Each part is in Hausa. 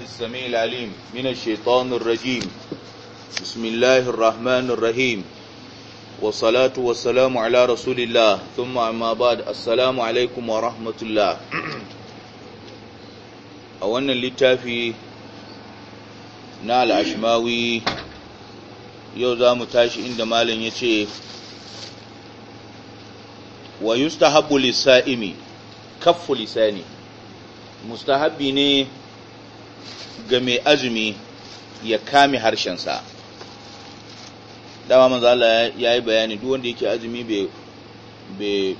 السميع العليم من الشيطان الرجيم بسم الله الرحمن الرحيم والصلاة والسلام على رسول الله ثم أما بعد السلام عليكم ورحمة الله أولا لتافي نال عشماوي يوزا متاشي عندما لن يتشي ويستحب للسائم كف لساني mustahabbi ne ga mai azumi ya kame harshensa dama manzo ya yi bayani duk wanda yake azumi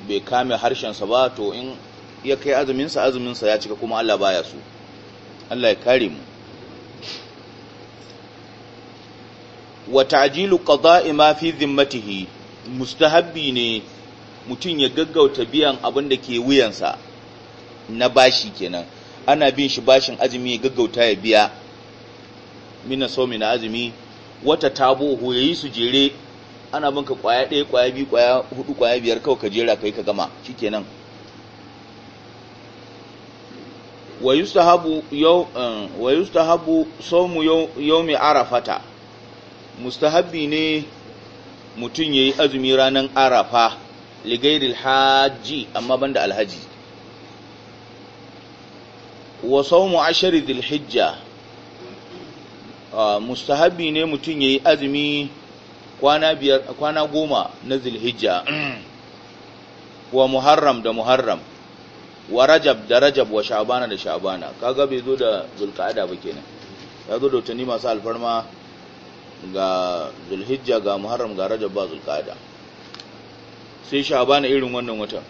bai kame harshensa ba to in ya kai azuminsa azuminsa ya cika kuma Allah baya su Allah ya kare mu wa ajilu qada'i ma fi zimmatihi mustahabbi ne mutum ya gaggauta biyan abin da ke wuyansa na bashi kenan ana bin shi bashin azumi gaggauta ya biya mina so mina azumi wata tabo yayi su jere ana binka kwaya ɗaya kwaya biyu kwaya hudu kwaya biyar kawai ka jera kai ka gama shikenan wa yustahabu yau eh, wa yustahabu sawmu yawmi arafata mustahabbi ne mutum yayi azumi ranan arafa ligairil haji amma banda alhaji wa saumu ashari hijja, ah, mustahabi ne mutum yayi azumi kwana biyar kwana goma na hijja. wa muharram da muharram wa rajab da rajab wa sha'bana da sha'bana kaga bai zo da zulqa'ada ba kenan ya zo da tuni masu alfarma ga zulhijja ga muharram ga rajab ba zulqa'ada sai sha'bana irin wannan watan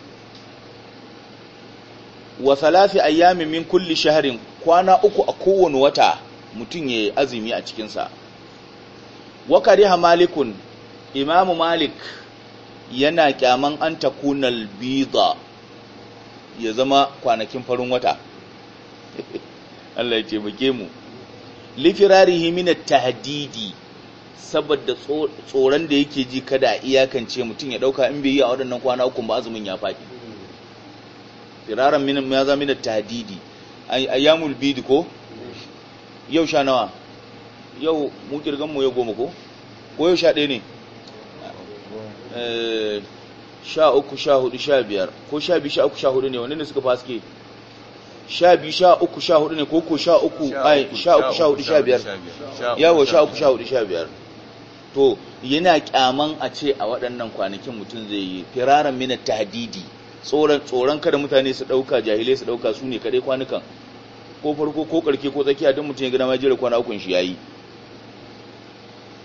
wa salafi ayyamin min kulli shaharin kwana uku a kowane wata mutum ya azumi a cikinsa wa kariha malikun imamu malik yana kyaman an takunal biza ya zama kwanakin farin wata Allah ya taimake mu lifirarihi min tahdidi saboda tsoron da yake ji kada iyakance mutum ya dauka in bai yi a waɗannan kwana uku ba azumin ya faɗi firaran minin ya zama mina a yamul bid ko yau sha nawa yau mu kirgan mu ya goma ko ko yau sha ɗaya ne eh, sha uku sha hudu sha biyar ko sha biyu sha uku sha hudu ne wani ne suka faske sha biyu sha uku sha hudu ne ko ko sha uku ai sha uku sha hudu sha biyar yawo sha uku sha hudu sha biyar to yana kyaman a ce a waɗannan kwanakin mutum zai yi firaran mina tahdidi tsoron kada mutane su dauka jahilai su ɗauka su ne kaɗai kwanukan ko farko ko ƙarke ko tsakiya don mutum ya gina majiyar kwana ukun shi yayi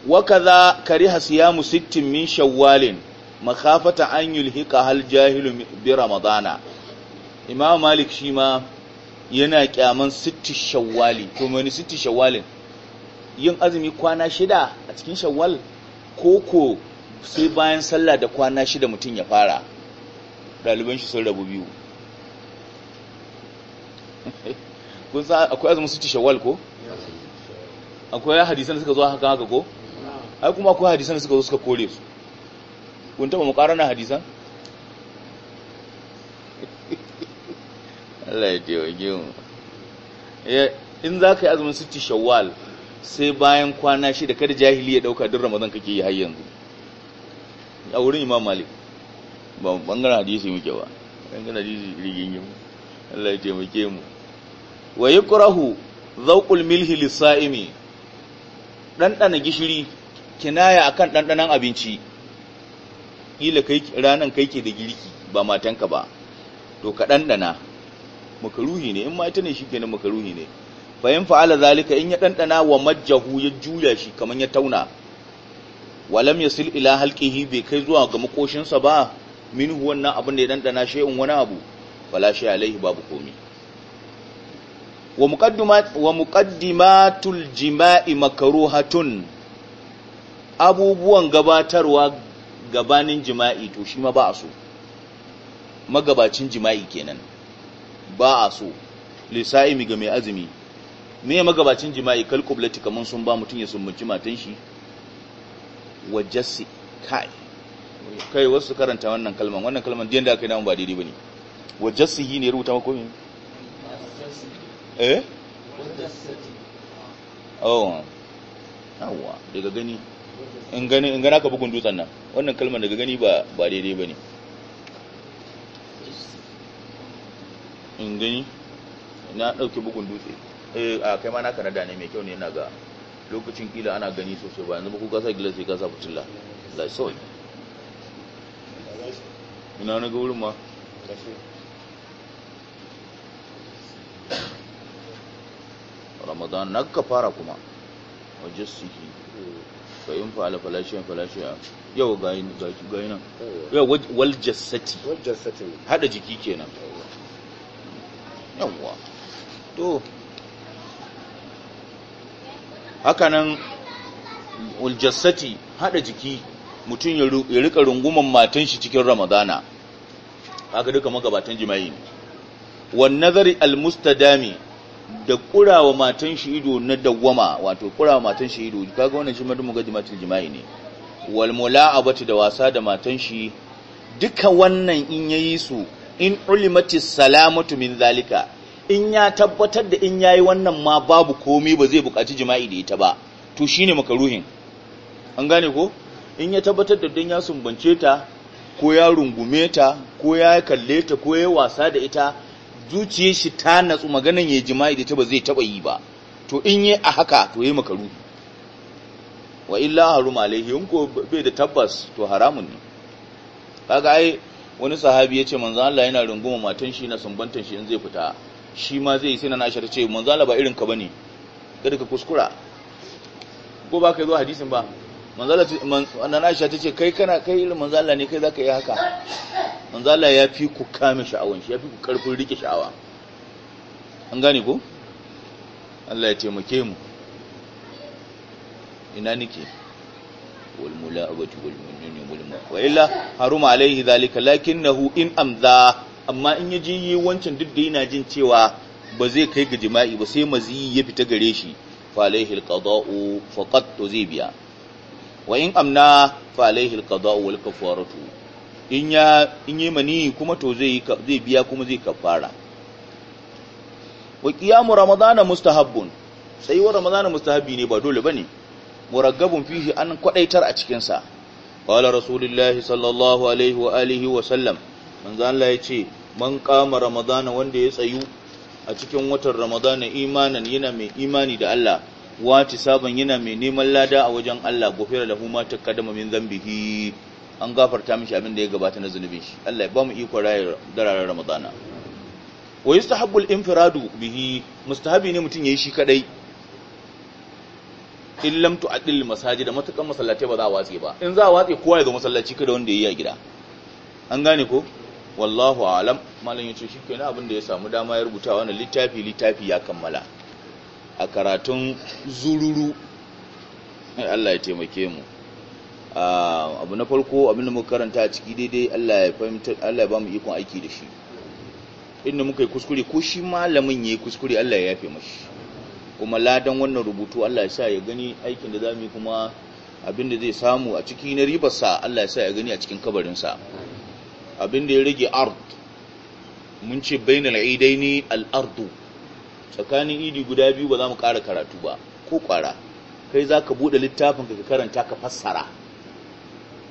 wakaza kariha siyamu sittin min shawwalin makafata an yulhiqa hal jahilu bi ramadana imam malik shi ma yana kyaman sitti shawwali to mani sitti shawwalin yin azumi kwana shida a cikin shawwal koko sai bayan sallah da kwana shida mutum ya fara ɗaliban shi sun rabu biyu kun sa akwai azumin su ci shawwal ko akwai hadisan suka zo haka haka ko ai kuma akwai hadisan suka zo suka kore su kun taba mukarana hadisan Allah ya taimake mu in za ka yi azumin ci shawwal sai bayan kwana shi da kada jahili ya dauka duk ramadan kake yi har yanzu a wurin imam malik ba bangaren hadisi muke ba bangaren hadisi rigingim Allah ya taimake mu wa yukrahu zawqul milhi lisaimi dandana gishiri kinaya akan dandanan abinci kila kai ranan kai ke da girki ba matanka ba to ka dandana makaruhi ne in ma ita ne shikenan makaruhi ne fa in fa'ala zalika in ya dandana wa majjahu ya juya shi kaman ya tauna walam yasil ila halqihi bai kai zuwa ga makoshinsa ba minhu wannan abin da ya dandana shay'un wani abu fala shi alaihi babu komi wa muqaddimatul jima'i makruhatun abubuwan gabatarwa gabanin jima'i to shi ma ba a so magabacin jima'i kenan ba a so lisa'imi ga mai azumi me magabacin jima'i kal kaman sun ba mutun ya sumbaci matan shi wajassi kai kai wasu karanta wannan kalman wannan kalman da yanda aka yi namun ba daidai ba ne wajasihi ne rubuta makomi min eh oh yawa daga gani in gani in gana ka bugun dutsen nan wannan kalman daga gani ba daidai ba ne in gani na ɗauki bugun dutse eh a kai ma na kanada ne mai kyau ne na ga lokacin kila ana gani sosai ba yanzu ba ku kasa gila kasa fitila lai sawai ina na ga wurin ma ramadan na ka fara kuma waje suke fa in fa ala falashiyan falashiya yau ga yin ga yin yau wal jassati wal jassati hada jiki kenan yawa to haka nan wal jassati hada jiki mutum ya rika runguman matan shi cikin ramadana haka duka magabatan jima'i ne wan nazari almustadami da kurawa matan shi ido na dawwama wato kurawa matan shi ido kaga wannan shi madumu ga jima'i jima'i ne wal mula'abati da wasa da matan shi duka wannan in yayi su in ulimati salamatu min zalika in ya tabbatar da in yayi wannan ma babu komai ba zai buƙaci jima'i da ita ba to shine makaruhin an gane ko in ya tabbatar da don ya sumbance ta ko ya rungume ta ko ya kalle ta ko ya wasa da ita zuciyar shi ta natsu maganan ya jima'i da ta ba zai taba yi ba to in yi a haka to yi makaru wa illa haruma alaihi in ko bai da tabbas to haramun ne kaga ai wani sahabi ya ce manzo Allah yana runguma matan shi na sumbantan shi in zai fita shi ma zai yi sai na nashi ta ce manzo Allah ba irin ka bane kada ka kuskura ko ba ka zo hadisin ba wannan Aisha ce kai kana kai ilmin manzala ne kai zaka yi haka manzala ya fi ku kame sha'awan shi ya fi ku karfin rike sha'awa an gane ko Allah ya taimake mu ina nake wal mula'abati wal munni wal wa illa haruma alaihi zalika lakinnahu in amza amma in yaji yi wancan duk da yana jin cewa ba zai kai ga jima'i ba sai mazi ya fita gare shi fa alaihi alqada'u faqat to zai biya wa in amna fa alaihi alqada'u wal kafaratu in ya in yi mani kuma to zai zai biya kuma zai kafara wa qiyamu ramadana mustahabbun sai wa ramadana mustahabi ne ba dole bane muraggabun fihi an kwadaitar a cikin sa qala rasulullahi sallallahu alaihi wa alihi wa sallam manzo Allah ya ce man qama ramadana wanda ya tsayu a cikin watan ramadana imanan yana mai imani da Allah wati saban yana mai neman lada a wajen Allah gofira lahu ta kadama min zambihi an gafarta mishi abin da ya gabata na zunubin shi Allah ya ba mu iko raye dararar ramadana wa yustahabbu al-infiradu bihi mustahabi ne mutun yayi shi kadai in lam tu'addil masajida matakan masallati ba za a watsi ba in za a watsi kowa ya zo masallaci kada wanda yayi a gida an gane ko wallahu a'lam malam yace kenan abin da ya samu dama ya rubuta wannan littafi littafi ya kammala a karatun zururu Allah ya taimake mu abu na farko abin muka karanta a ciki daidai Allah ya fahimta Allah ya ba mu ikon aiki da shi inda muka yi kuskure ko shi malamin ya yi kuskure Allah ya yafe mashi kuma ladan wannan rubutu Allah ya sa ya gani aikin da zamu yi kuma abin zai samu a ciki na ribarsa Allah ya sa ya gani a cikin kabarin sa da ya rage ard mun ce bainal aidaini al ardu tsakanin idi guda biyu ba za mu ƙara karatu ba ko ƙwara kai za ka buɗe littafin ka karanta ka fassara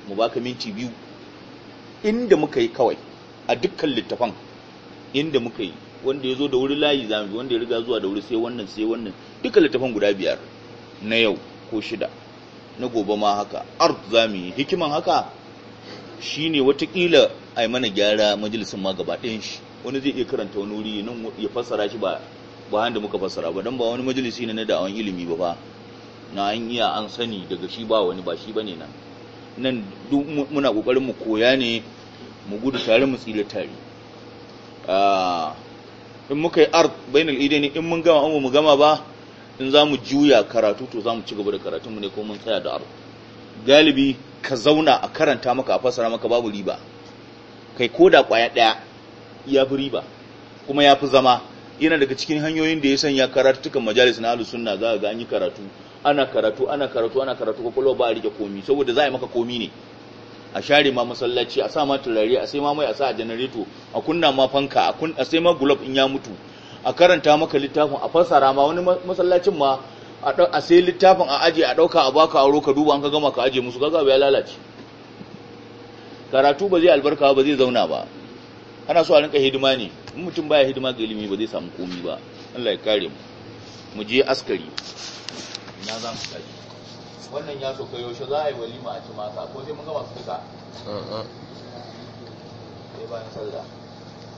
mu baka minti biyu inda muka yi kawai a dukkan littafan inda muka yi wanda ya zo da wuri layi za wanda ya riga zuwa da wuri sai wannan sai wannan dukkan littafan guda biyar na yau ko shida na gobe ma haka art za mu yi hikiman haka shine watakila a yi mana gyara majalisin ma gaba ɗayan shi wani zai iya karanta wani wuri nan ya fassara shi ba bayan da muka fassara ba don ba wani majalisi ne na da'awan ilimi ba ba na an iya an sani daga shi ba wani ba shi ba ne nan nan duk muna kokarin mu koya ne mu gudu tare mu tsira tare ah, in muka yi art bainal ne in mun gama an mu gama ba in za mu juya karatu to za mu ci gaba da karatun mu ne ko mun tsaya da art galibi ka zauna a karanta maka a fassara maka babu riba kai ko da kwaya daya ya fi riba kuma ya fi zama yana daga cikin hanyoyin da ya sanya tukan majalis na ahlus suna, za ga an yi karatu ana karatu ana karatu ana karatu kwakwalwa ba a rike komi saboda za a yi maka komi ne a share ma masallaci a sa ma turare a sai ma mai a sa a janareto a kunna ma fanka a sai ma gulob in ya mutu a karanta maka littafin a fasara ma wani masallacin ma a sai littafin a aje a dauka a baka aro ka duba an ka gama ka aje musu kaga ya lalace karatu ba zai albarka ba zai zauna ba ana so a rinka hidima ne in mutum baya hidima ga ilimi ba zai samu komi ba Allah ya kare mu mu je askari ina za mu kai wannan ya soka yaushe za a yi walima a ci masa ko sai mun ga masu fita sai bayan sallah